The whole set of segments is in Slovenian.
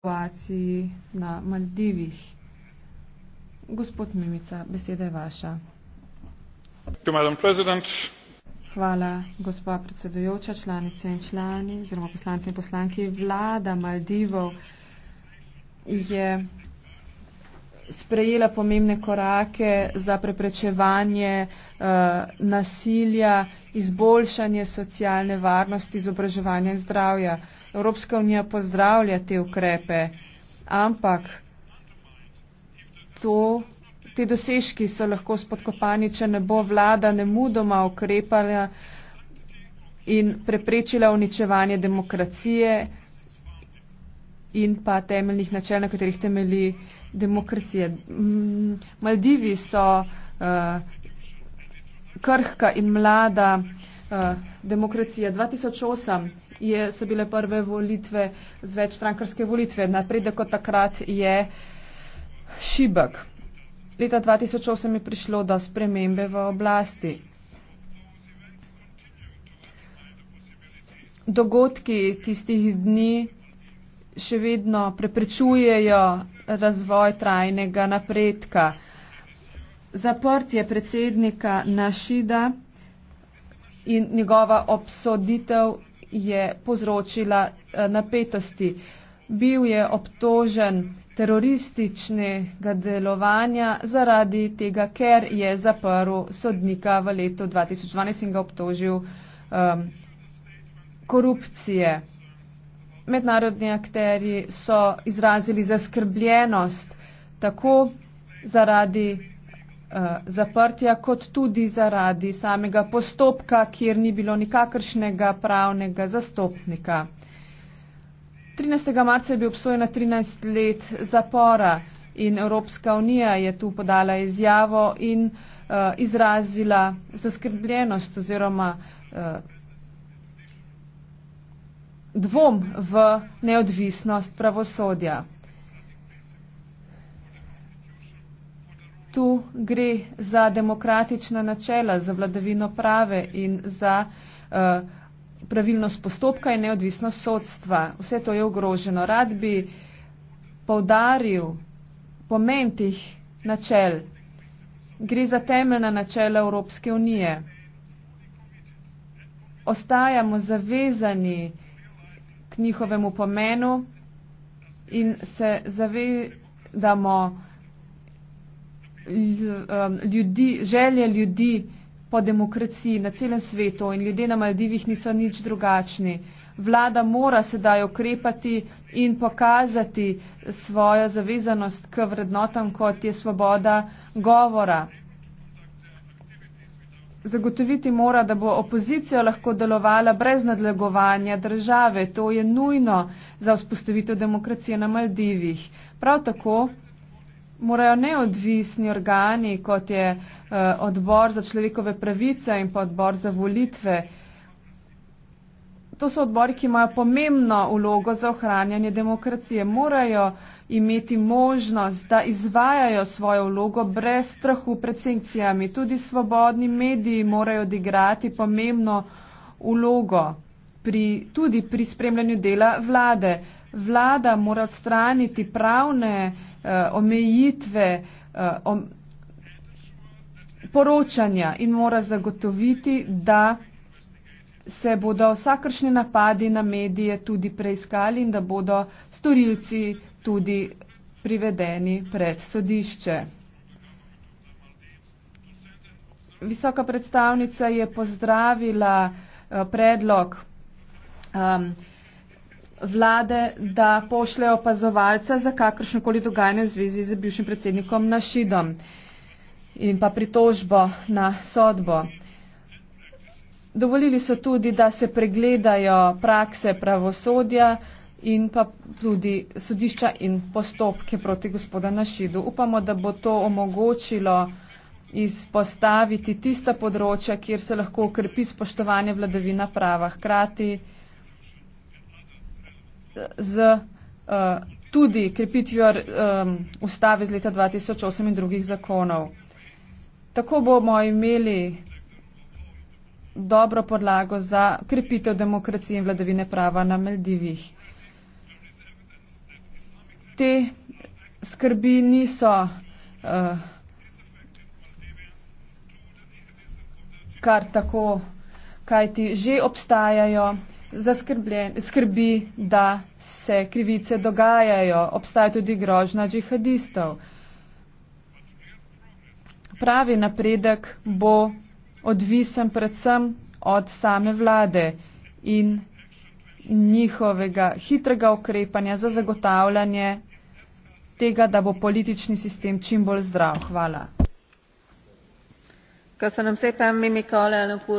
situaciji na Maldivih. Gospod Mimica, beseda je vaša. Hvala, gospa predsedujoča, članice in člani, oziroma poslanci in poslanki. Vlada Maldivov je sprejela pomembne korake za preprečevanje uh, nasilja, izboljšanje socialne varnosti, izobraževanja in zdravja. Uh, Evropska unija pozdravlja te ukrepe, ampak to, te dosežki so lahko spodkopani, če ne bo vlada ne mudoma ukrepala in preprečila uničevanje demokracije in pa temeljnih načel, na katerih temelji demokracija. Maldivi so uh, krhka in mlada uh, demokracija. 2008 je, so bile prve volitve z večstrankarske volitve. Napredek od takrat je šibek. Leta 2008 je prišlo do spremembe v oblasti. Dogodki tistih dni še vedno preprečujejo razvoj trajnega napredka. Zaprtje predsednika Našida in njegova obsoditev je povzročila eh, napetosti. Bil je obtožen terorističnega delovanja zaradi tega, ker je zaprl sodnika v letu 2012 in ga obtožil um, korupcije. Mednarodni akteri so izrazili zaskrbljenost tako zaradi Eh, zaprtja, kot tudi zaradi samega postopka, kjer ni bilo nikakršnega pravnega zastopnika. 13. marca je bil obsojen na 13 let zapora in Evropska unija je tu podala izjavo in uh, izrazila zaskrbljenost oziroma uh, dvom v neodvisnost pravosodja. tu gre za demokratična načela, za vladavino prave in za uh, pravilnost postopka in neodvisnost sodstva. Vse to je ogroženo. Rad bi povdaril pomen tih načel. Gre za temeljna načela Evropske unije. Ostajamo zavezani k njihovemu pomenu in se zavedamo, Um, ljudi, želje ljudi po demokraciji na celem svetu in ljudje na Maldivih niso nič drugačni. Vlada mora sedaj ukrepati in pokazati svojo zavezanost k vrednotam, kot je svoboda govora. Zagotoviti mora, da bo opozicija lahko delovala brez nadlegovanja države. To je nujno za vzpostavitev demokracije na Maldivih. Prav tako morajo neodvisni organi, kot je eh, odbor za človekove pravice in pa odbor za volitve. To so odbori, ki imajo pomembno ulogo za ohranjanje demokracije. Morajo imeti možnost, da izvajajo svojo ulogo brez strahu pred sankcijami. Tudi svobodni mediji morajo odigrati pomembno ulogo pri, tudi pri spremljanju dela vlade. Vlada mora odstraniti pravne uh, Eh, omejitve eh, poročanja in mora zagotoviti, da se bodo vsakršne napadi na medije tudi preiskali in da bodo storilci tudi privedeni pred sodišče. Visoka predstavnica je pozdravila eh, predlog um, vlade, da pošljejo opazovalca za kakršno koli dogajanje v zvezi z bivšim predsednikom Našidom in pa pritožbo na sodbo. Dovolili so tudi, da se pregledajo prakse pravosodja in pa tudi sodišča in postopke proti gospoda Našidu. Upamo, da bo to omogočilo izpostaviti tista področja, kjer se lahko ukrepi spoštovanje vladavina prava. Hkrati z uh, tudi krepitvijo um, ustave iz leta 2008 in drugih zakonov. Tako bomo imeli dobro podlago za krepitev demokracije in vladavine prava na Maldivih. Te skrbi niso uh, kar tako, kajti že obstajajo skrbi, da se krivice dogajajo. Obstaja tudi grožna džihadistov. Pravi napredek bo odvisen predvsem od same vlade in njihovega hitrega ukrepanja za zagotavljanje tega, da bo politični sistem čim bolj zdrav. Hvala.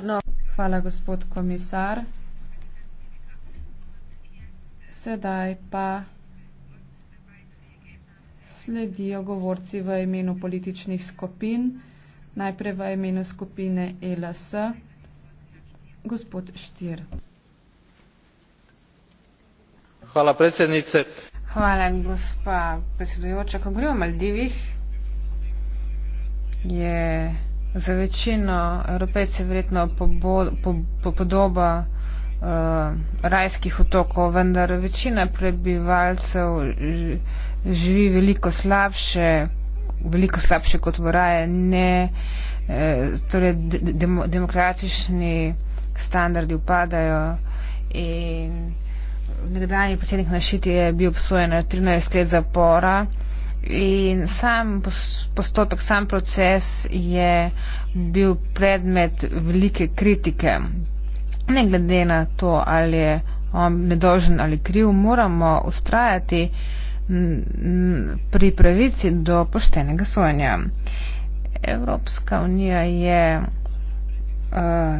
No. Hvala, gospod komisar. Sedaj pa sledijo govorci v imenu političnih skupin. Najprej v imenu skupine e LS, gospod Štir. Hvala, predsednice. Hvala, gospa predsedujoča. Ko gre o Maldivih, je za večino evropejce verjetno po, po, po podobo Eh, rajskih otokov, vendar večina prebivalcev živi veliko slabše, veliko slabše kot v raje, ne, eh, torej demokratični standardi upadajo in nekdanji predsednik Našiti je bil obsojen na 13 let zapora in sam postopek, sam proces je bil predmet velike kritike ne glede na to, ali je on nedolžen ali kriv, moramo ustrajati pri pravici do poštenega sojenja. Evropska unija je uh,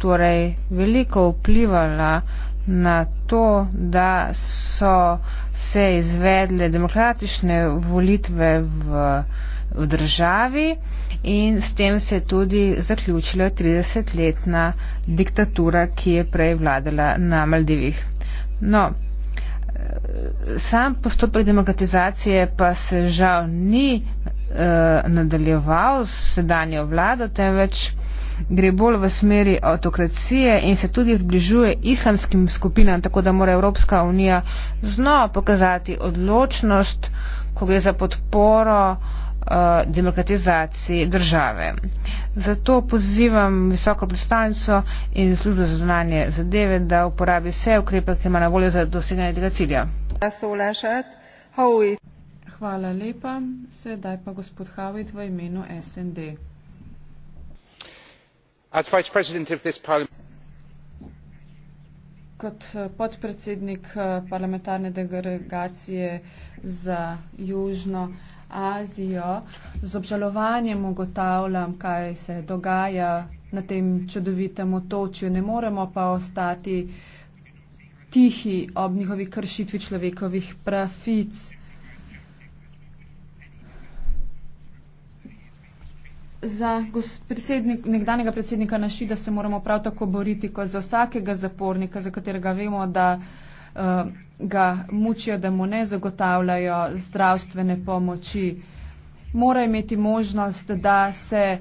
torej veliko vplivala na to, da so se izvedle demokratične volitve v, v državi. Uh, in s tem se je tudi zaključila 30-letna diktatura, ki je prej vladala na Maldivih. No, sam postopek demokratizacije pa se žal ni eh, nadaljeval s sedanjo vlado, temveč gre bolj v smeri autokracije in se tudi približuje islamskim skupinam, tako da mora Evropska unija znova pokazati odločnost, ko gre za podporo eh, Eh, demokratizaciji države. Zato pozivam visoko predstavnico in službo za zunanje zadeve, da uporabi vse ukrepe, ki ima na voljo za doseganje tega cilja. Hvala lepa. Sedaj pa gospod Havit v imenu SND. Kot eh, podpredsednik eh, parlamentarne delegacije za južno. Azijo. Z obžalovanjem ugotavljam, kaj se dogaja na tem čudovitem otočju. Ne moremo pa ostati tihi ob njihovi kršitvi človekovih pravic. Za predsednik, nekdanjega predsednika Našida se moramo prav tako boriti kot za vsakega zapornika, za katerega vemo, da Eh, ga mučijo, da mu ne zagotavljajo zdravstvene pomoči. Mora imeti možnost, da se eh,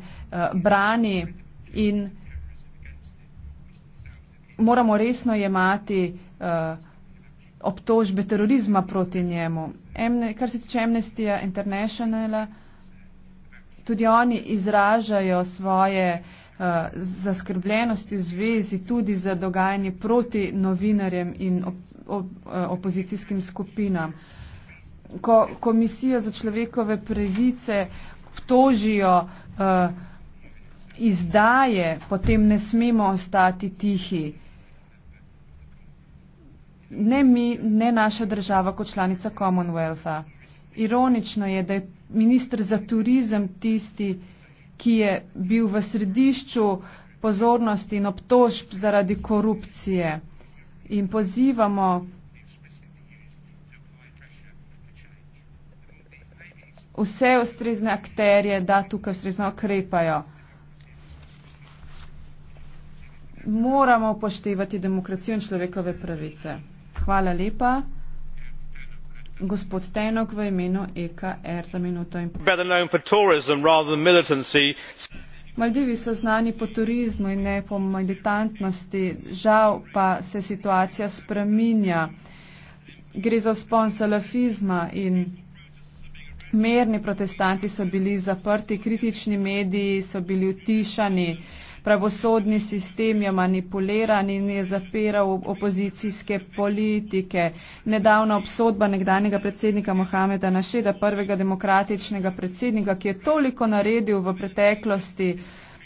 brani in moramo resno jemati eh, obtožbe terorizma proti njemu. Kar se tiče Amnesty Internationala, tudi oni izražajo svoje uh, Eh, zaskrbljenosti v zvezi tudi za dogajanje proti novinarjem in op, op, eh, opozicijskim skupinam. Ko Komisijo za človekove pravice obtožijo uh, izdaje, potem ne smemo ostati tihi. Ne mi, ne naša država kot članica Commonwealtha. Ironično je, da je minister za turizem tisti, ki ki je bil v središču pozornosti in obtožb zaradi korupcije. In pozivamo vse ustrezne akterje, da tukaj ustrezno okrepajo. Moramo upoštevati demokracijo in človekove pravice. Hvala lepa. Gospod Tenok v imenu EKR za minuto in pol. Maldivi so znani po turizmu in ne po militantnosti, žal pa se situacija spreminja. Gre za spon salafizma in merni protestanti so bili zaprti, kritični mediji so bili utišani pravosodni sistem je manipuliran in je zapiral opozicijske politike. Nedavna obsodba nekdanjega predsednika Mohameda Našeda, prvega demokratičnega predsednika, ki je toliko naredil v preteklosti,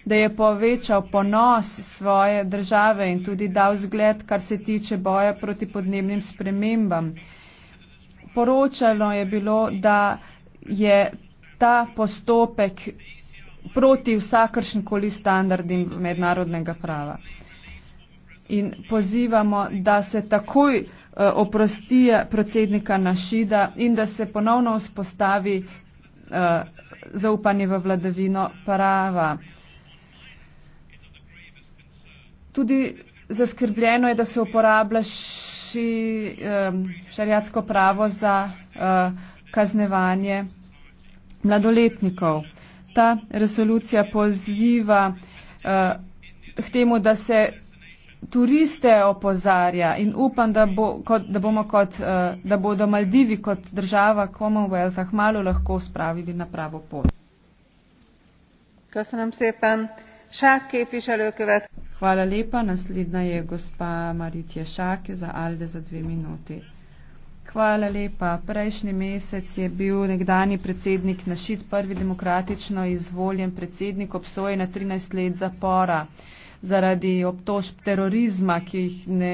da je povečal ponos svoje države in tudi dal zgled, kar se tiče boja proti podnebnim spremembam. Poročalo je bilo, da je ta postopek proti vsakršnikoli standardim mednarodnega prava. In pozivamo, da se takoj uh, oprosti eh, predsednika Našida in da se ponovno vzpostavi uh, zaupanje v vladavino prava. Tudi zaskrbljeno je, da se uporablja ši, um, šariatsko pravo za uh, kaznevanje mladoletnikov ta resolucija poziva eh, k temu, da se turiste opozarja in upam, da, bo, kot, da bomo kot, eh, da bodo Maldivi kot država Commonwealtha hmalo lahko spravili na pravo pot. Hvala lepa. Naslednja je gospa Maritje Šake za Alde za dve minuti. Hvala lepa. Prejšnji mesec je bil nekdani predsednik Našit prvi demokratično izvoljen predsednik obsojen na 13 let zapora zaradi obtožb terorizma, ki jih ne,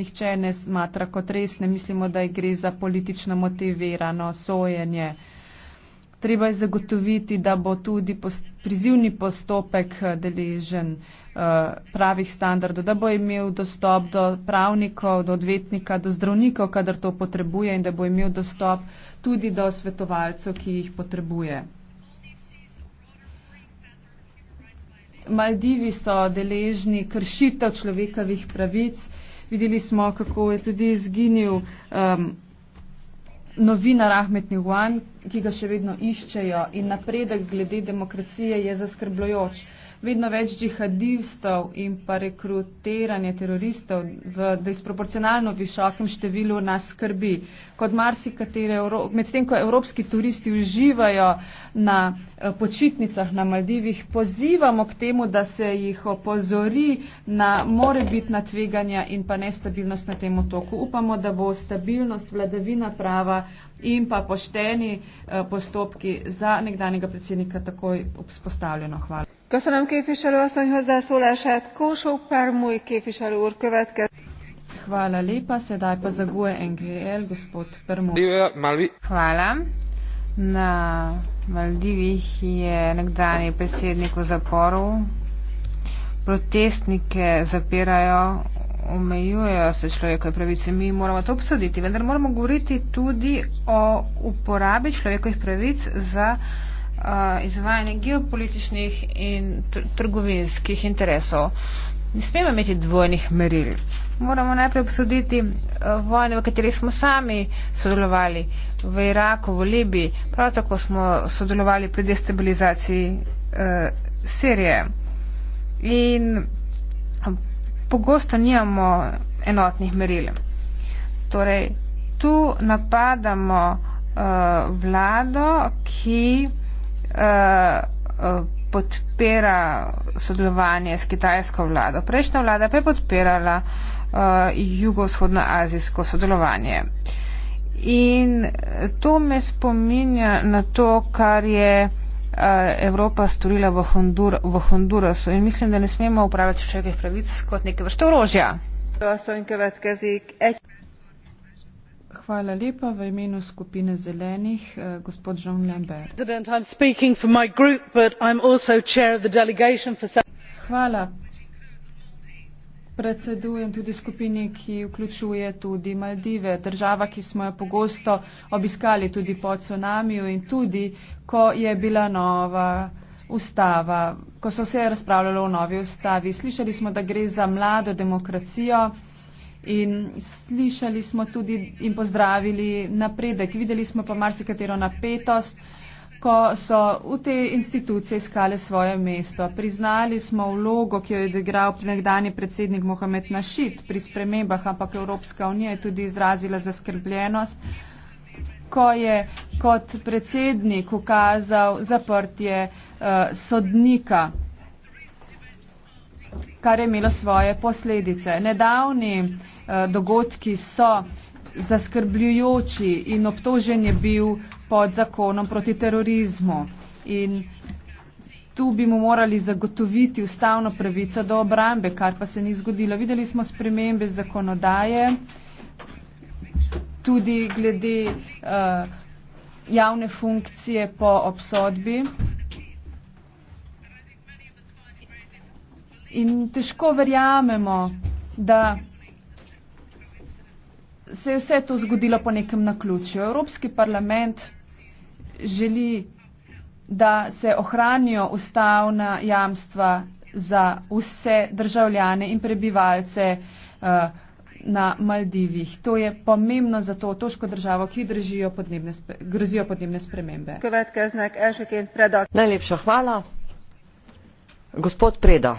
nihče ne smatra kot resne. Mislimo, da gre za politično motivirano sojenje. Uh, treba je zagotoviti, da bo tudi post, prizivni postopek eh, deležen eh, pravih standardov, da bo imel dostop do pravnikov, do odvetnika, do zdravnikov, kadar to potrebuje in da bo imel dostop tudi do svetovalcev, ki jih potrebuje. Maldivi so deležni kršitev človekovih pravic. Videli smo, kako je tudi izginil. Um, novinar Ahmed Nihuan, ki ga še vedno iščejo. In napredek glede demokracije je zaskrbljujoč vedno več džihadistov in pa rekrutiranje teroristov v disproporcionalno visokem številu nas skrbi. Medtem ko evropski turisti uživajo na eh, počitnicah na Maldivih, pozivamo k temu, da se jih opozori na morebitna tveganja in pa nestabilnost na tem otoku. Upamo, da bo stabilnost, vladavina prava in pa pošteni eh, postopki za nekdanjega predsednika takoj vzpostavljeno. Hvala köszönöm képviselő asszony hozzászólását kósó permúj képviselő úr következik Hvala lepa, sedaj pa zaguje NGL, e gospod Permut. Hvala. Na Maldivih je nekdani predsednik v zaporu. Protestnike zapirajo, omejujejo se človekove pravice. Mi moramo to obsoditi, vendar moramo govoriti tudi o uporabi človekovih pravic za Eh, izvajanje geopolitičnih in trgovinskih interesov. Ne smemo imeti dvojnih meril. Moramo najprej obsoditi eh, vojne, v katerih smo sami sodelovali, v Iraku, v Libiji, prav tako smo sodelovali pri destabilizaciji eh, Sirije. In eh, pogosto nijamo enotnih meril. Torej, tu napadamo eh, vlado, ki. Eh, eh, podpira sodelovanje s kitajsko vlado. Prejšnja vlada pa je podpirala uh, jugovzhodnoazijsko sodelovanje. In to me spominja na to, kar je uh, Evropa storila v, Hondur, v Hondurasu. In mislim, da ne smemo upravljati človekovih pravic kot neke vrste orožja. Hvala lepa v imenu skupine zelenih, eh, gospod Jean Lambert. Hvala. Predsedujem tudi skupini, ki vključuje tudi Maldive, država, ki smo jo pogosto obiskali tudi po tsunamiju in tudi, ko je bila nova ustava, ko so se razpravljalo o novi ustavi. Slišali smo, da gre za mlado demokracijo. In slišali smo tudi in pozdravili napredek. Videli smo pa marsikatero napetost, ko so v te institucije iskale svoje mesto. Priznali smo vlogo, ki jo je odigral nekdani predsednik Mohamed Našit pri spremembah, ampak Evropska unija je tudi izrazila zaskrbljenost, ko je kot predsednik ukazal zaprtje uh, sodnika kar je imelo svoje posledice. Nedavni eh, dogodki so zaskrbljujoči in obtožen je bil pod zakonom proti terorizmu. In tu bi mu morali zagotoviti ustavno pravico do obrambe, kar pa se ni zgodilo. Videli smo spremembe zakonodaje, tudi glede eh, javne funkcije po obsodbi. in težko verjamemo, da se je vse to zgodilo po nekem naključju. Evropski parlament želi, da se ohranijo ustavna jamstva za vse državljane in prebivalce uh, na Maldivih. To je pomembno za to otoško državo, ki podnebne grozijo podnebne spremembe. Najlepša hvala. Gospod Preda.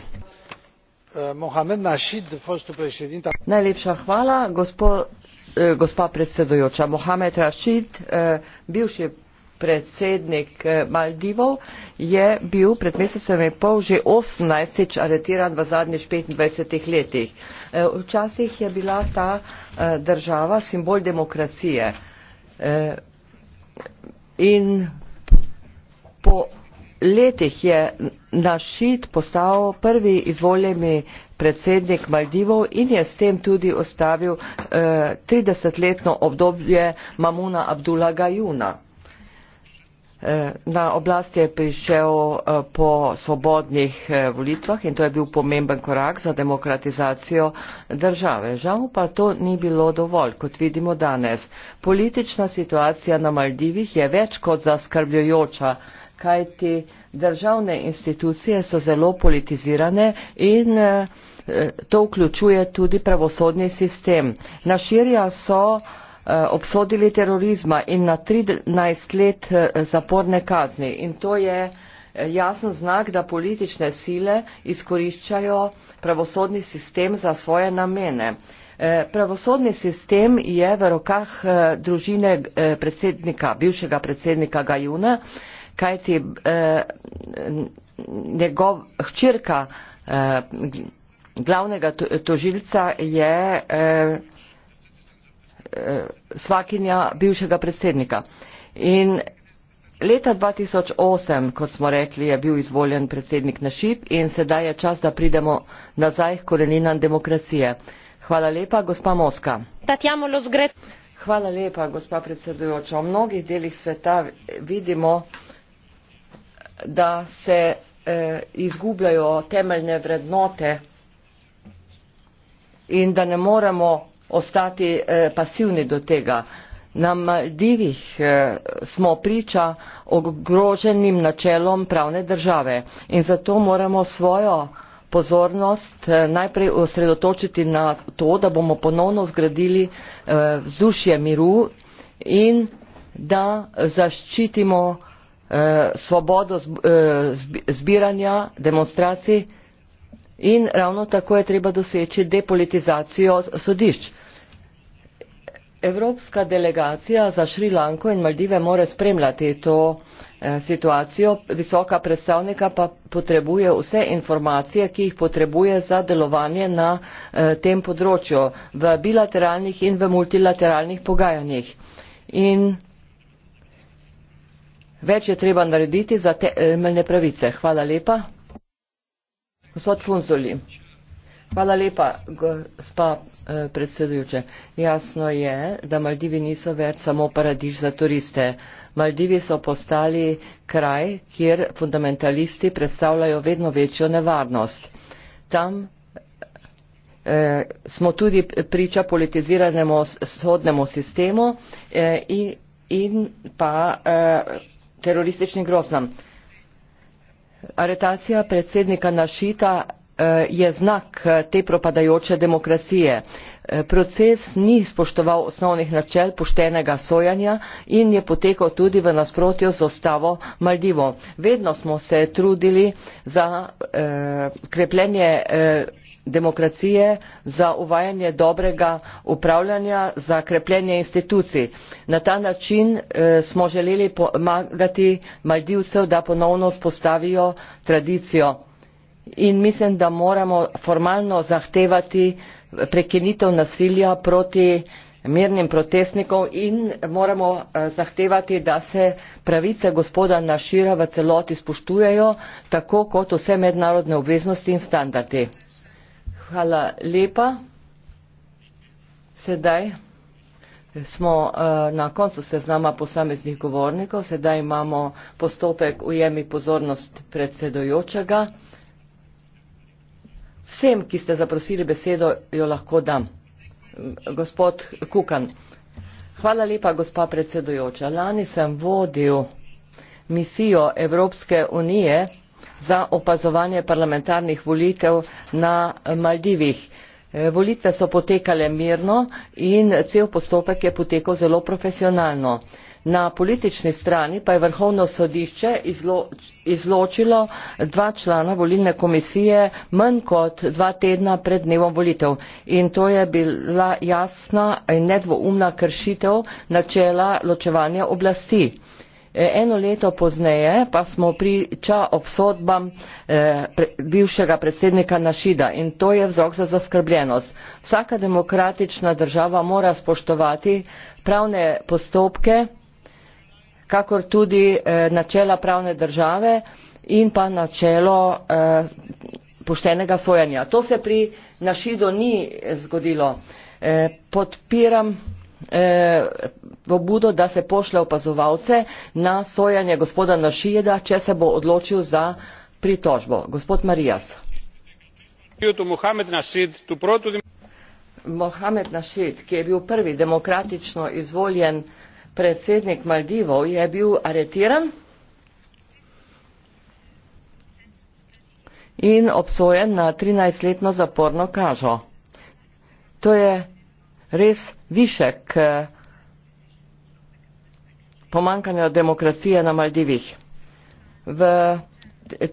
Eh, mohamed nasheed fostul președinte. najlepša hvala eh, gospa predsedujoča mohamed rashid eh, bivši predsednik maldivov je bil pred mesecem in pol že osemnajstič aretiran v zadnjih petindvajsetih letih včasih je bila ta država simbol demokracije in po letih je Našid postal prvi izvoljeni predsednik Maldivov in je s tem tudi ostavil eh, 30-letno obdobje Mamuna Abdula Gajuna. Eh, na oblast je prišel eh, po svobodnih eh, volitvah in to je bil pomemben korak za demokratizacijo države. Žal pa to ni bilo dovolj, kot vidimo danes. Politična situacija na Maldivih je več kot zaskrbljujoča kajti državne institucije so zelo politizirane in eh, to vključuje tudi pravosodni sistem. Naširja so eh, obsodili terorizma in na 13 let eh, zaporne kazni in to je jasen znak, da politične sile izkoriščajo pravosodni sistem za svoje namene. Pravosodni sistem je v rokah družine predsednika, bivšega predsednika Gajuna, kajti eh, njegov hčerka eh, glavnega tožilca je eh, eh, svakinja bivšega predsednika. In leta 2008, kot smo rekli, je bil izvoljen predsednik na šip in sedaj je čas, da pridemo nazaj k koreninam demokracije. Hvala lepa, gospa Moska. Hvala lepa, gospa predsedujoča. V mnogih delih sveta vidimo, da se eh, izgubljajo temeljne vrednote in da ne moremo ostati eh, pasivni do tega. Na Maldivih eh, smo priča ogroženim načelom pravne države in zato moramo svojo pozornost eh, najprej osredotočiti na to, da bomo ponovno zgradili eh, vzdušje miru in da zaščitimo Eh, svobodo eh, zbiranja, demonstracij in ravno tako je treba doseči depolitizacijo sodišč. Evropska delegacija za Šrilanko in Maldive mora spremljati to eh, situacijo, visoka predstavnika pa potrebuje vse informacije, ki jih potrebuje za delovanje na tem področju v bilateralnih in v multilateralnih pogajanjih. In Več je treba narediti za temeljne pravice. Hvala lepa. Gospod Funzoli. Hvala lepa, gospa eh, predsedujoče. Jasno je, da Maldivi niso več samo paradiž za turiste. Maldivi so postali kraj, kjer fundamentalisti predstavljajo vedno večjo nevarnost. Tam eh, smo tudi priča politiziranemu sodnemu sistemu eh, in, in pa. Eh, terorističnim groznam. Aretacija predsednika Našita eh, je znak eh, te propadajoče demokracije. Eh, proces ni spoštoval osnovnih načel poštenega sojanja in je potekal tudi v nasprotju z ostavo Maldivo. Vedno smo se trudili za eh, krepljenje eh, demokracije za uvajanje dobrega upravljanja za krepljenje institucij. na ta način eh, smo želeli pomagati maldivcem da ponovno vzpostavijo tradicijo in mislim da moramo formalno zahtevati prekinitev nasilja proti mirnim protestnikom in moramo eh, zahtevati da se pravice gospoda našira v celoti spoštujejo tako kot vse mednarodne obveznosti in standardi. Hvala lepa. Sedaj smo uh, na koncu seznama posameznih govornikov, sedaj imamo postopek ujemi pozornost predsedojočega. Vsem, ki ste zaprosili besedo, jo lahko dam. Gospod Kukan. Hvala lepa, gospa predsedojoča. Lani sem vodil misijo Evropske unije za opazovanje parlamentarnih volitev na maldivih. E, volitve so potekale mirno in cel postopek je potekal zelo profesionalno. na politični strani pa je vrhovno sodišče izločilo dva člana volilne komisije manj kot dva tedna pred dnevom volitev in to je bila jasna in nedvoumna kršitev načela ločevanja oblasti. Eno leto pozneje pa smo priča obsodbam eh, bivšega predsednika Našida in to je vzrok za zaskrbljenost. Vsaka demokratična država mora spoštovati pravne postopke, kakor tudi eh, načela pravne države in pa načelo eh, poštenega sojanja. To se pri Našido ni zgodilo. Podpiram E, pobudo, da se pošle opazovalce na sojanje gospoda Našijeda, če se bo odločil za pritožbo. Gospod Marijas. Mohamed Našid, ki je bil prvi demokratično izvoljen predsednik Maldivov, je bil aretiran in obsojen na 13-letno zaporno kažo. To je res višek eh, pomankanja demokracije na Maldivih. V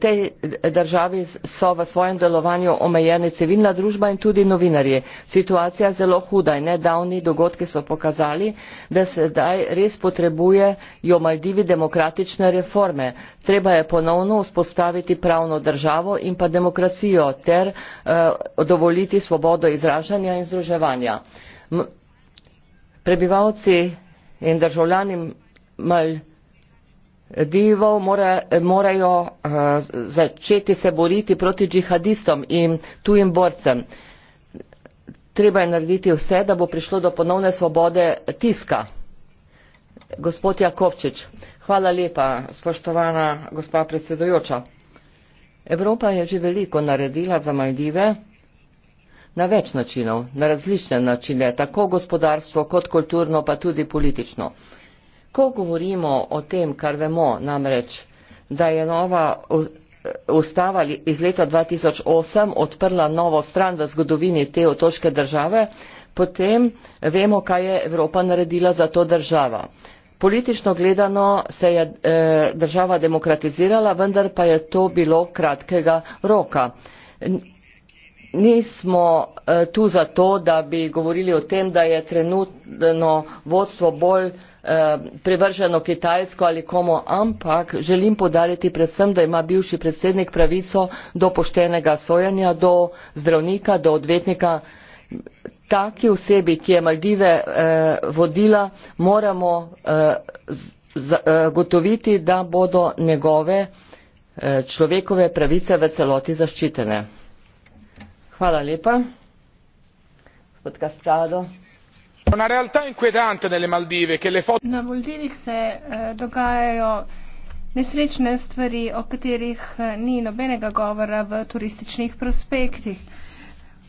tej državi so v svojem delovanju omejene civilna družba in tudi novinarji. Situacija je zelo huda in nedavni dogodki so pokazali, da se daj res potrebujejo Maldivi demokratične reforme. Treba je ponovno vzpostaviti pravno državo in pa demokracijo ter uh, dovoliti svobodo izražanja in združevanja. Uh, prebivalci in državljani Maldivov more, morajo uh, začeti se boriti proti džihadistom in tujim borcem. Treba je narediti vse, da bo prišlo do ponovne svobode tiska. Gospod Jakovčič, hvala lepa, spoštovana gospa predsedujoča. Evropa je že veliko naredila za Maldive na več načinov, na različne načine, tako gospodarstvo kot kulturno, pa tudi politično. Ko govorimo o tem, kar vemo, namreč, da je nova ustava iz leta 2008 odprla novo stran v zgodovini te otoške države, potem vemo, kaj je Evropa naredila za to država. Politično gledano se je eh, država demokratizirala, vendar pa je to bilo kratkega roka nismo eh, tu zato, da bi govorili o tem, da je trenutno vodstvo bolj eh, privrženo Kitajsko ali komu, ampak želim podariti predvsem, da ima bivši predsednik pravico do poštenega sojanja, do zdravnika, do odvetnika. Taki osebi, ki je Maldive eh, vodila, moramo eh, eh gotoviti, da bodo njegove eh, človekove pravice v celoti zaščitene. Hvala lepa. Gospod Kaskado. Una realtà inquietante nelle Maldive che le foto... Na Maldivih se eh, dogajajo nesrečne stvari, o katerih eh, ni nobenega govora v turističnih prospektih.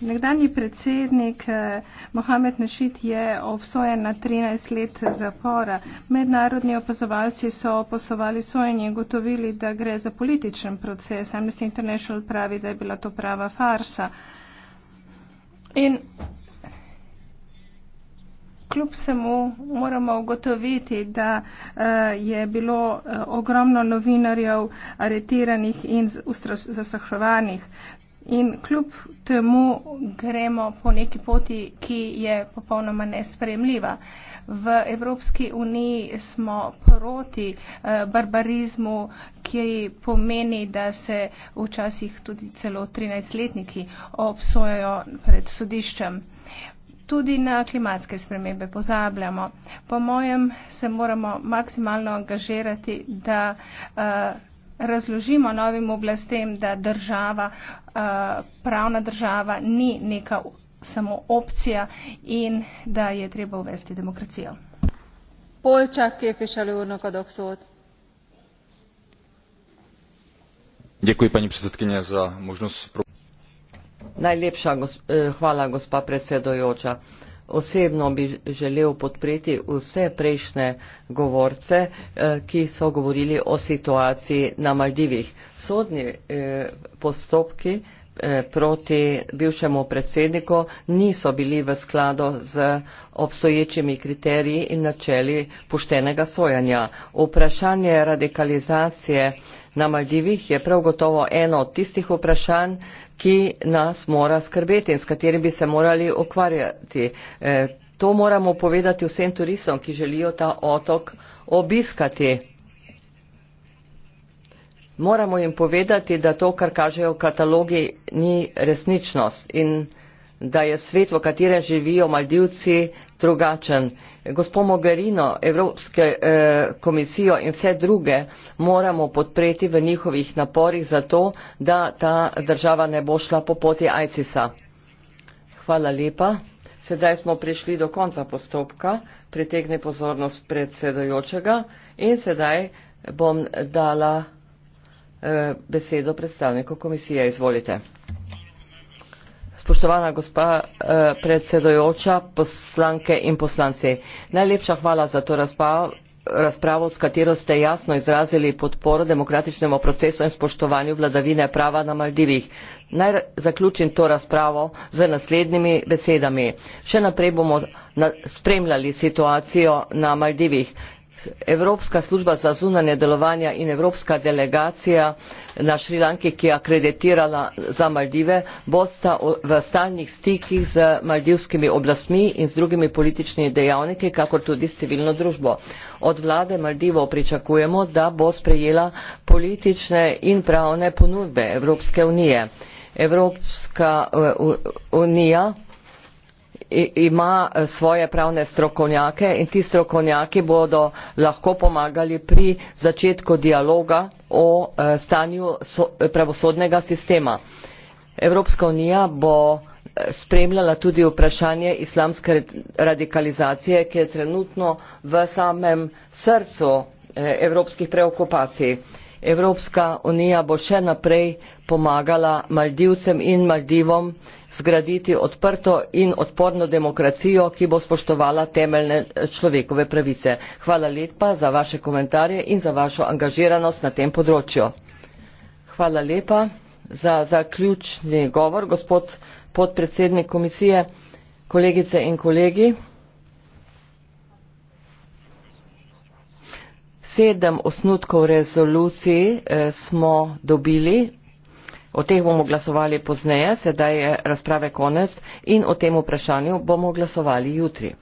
Nekdanji predsednik eh, Mohamed Nešit je obsojen na 13 let zapora. Mednarodni opazovalci so opasovali sojenje in gotovili, da gre za političen proces. Amnesty International pravi, da je bila to prava farsa. In kljub samo moramo ugotoviti, da uh, je bilo uh, ogromno novinarjev aretiranih in zastrašovanih. In kljub temu gremo po neki poti, ki je popolnoma nespremljiva. V Evropski uniji smo proti eh, barbarizmu, ki pomeni, da se včasih tudi celo 13-letniki obsojajo pred sodiščem. Tudi na klimatske spremembe pozabljamo. Po mojem se moramo maksimalno angažirati, da uh, razložimo novim oblastem, da država, eh, pravna država ni neka samo opcija in da je treba uvesti demokracijo. Polčak, képviselő úrnak adok szót. Děkuji, paní předsedkyně, za možnost. Najlepša, eh, hvala, gospa predsedojoča osebno bi želel podpreti vse prejšnje govorce, eh, ki so govorili o situaciji na Maldivih. Sodni eh, postopki eh, proti bivšemu predsedniku niso bili v skladu z obstoječimi kriteriji in načeli poštenega sojanja. Vprašanje radikalizacije na Maldivih je prav gotovo eno od tistih vprašanj, ki nas mora skrbeti in s katerim bi se morali ukvarjati. E, to moramo povedati vsem turistom, ki želijo ta otok obiskati. Moramo jim povedati, da to, kar kažejo katalogi, ni resničnost in da je svet, v katerem živijo Maldivci, drugačen. Gospod Mogherino, Evropske eh, komisijo in vse druge moramo podpreti v njihovih naporih za to, da ta država ne bo šla po poti ICIS-a. Hvala lepa. Sedaj smo prišli do konca postopka, pritegne pozornost predsedojočega in sedaj bom dala eh, besedo predstavniku komisije. Izvolite. Spoštovana gospa eh, predsedojoča, poslanke in poslanci, najlepša hvala za to razpravo, razpravo, s katero ste jasno izrazili podporo demokratičnemu procesu in spoštovanju vladavine prava na Maldivih. Naj zaključim to razpravo z naslednjimi besedami. Še naprej bomo na, spremljali situacijo na Maldivih. Evropska služba za zunanje delovanja in Evropska delegacija na Šrilanki, ki je akreditirala za Maldive, bosta v stalnih stikih z maldivskimi oblastmi in z drugimi političnimi dejavniki, kakor tudi s civilno družbo. Od vlade Maldivo pričakujemo, da bo sprejela politične in pravne ponudbe Evropske unije. Evropska eh, unija ima eh, svoje pravne strokovnjake in ti strokovnjaki bodo lahko pomagali pri začetku dialoga o eh, stanju pravosodnega sistema. evropska unija bo eh, spremljala tudi vprašanje islamske radikalizacije ki je trenutno v samem srcu evropskih preokupacij. Evropska unija bo še naprej pomagala Maldivcem in Maldivom zgraditi odprto in odporno demokracijo, ki bo spoštovala temeljne eh, človekove pravice. Hvala lepa za vaše komentarje in za vašo angažiranost na tem področju. Hvala lepa za zaključni govor, gospod podpredsednik komisije, kolegice in kolegi. Sedem osnutkov rezolucij eh, smo dobili, o teh bomo glasovali pozneje, sedaj je razprave konec in o tem vprašanju bomo glasovali jutri.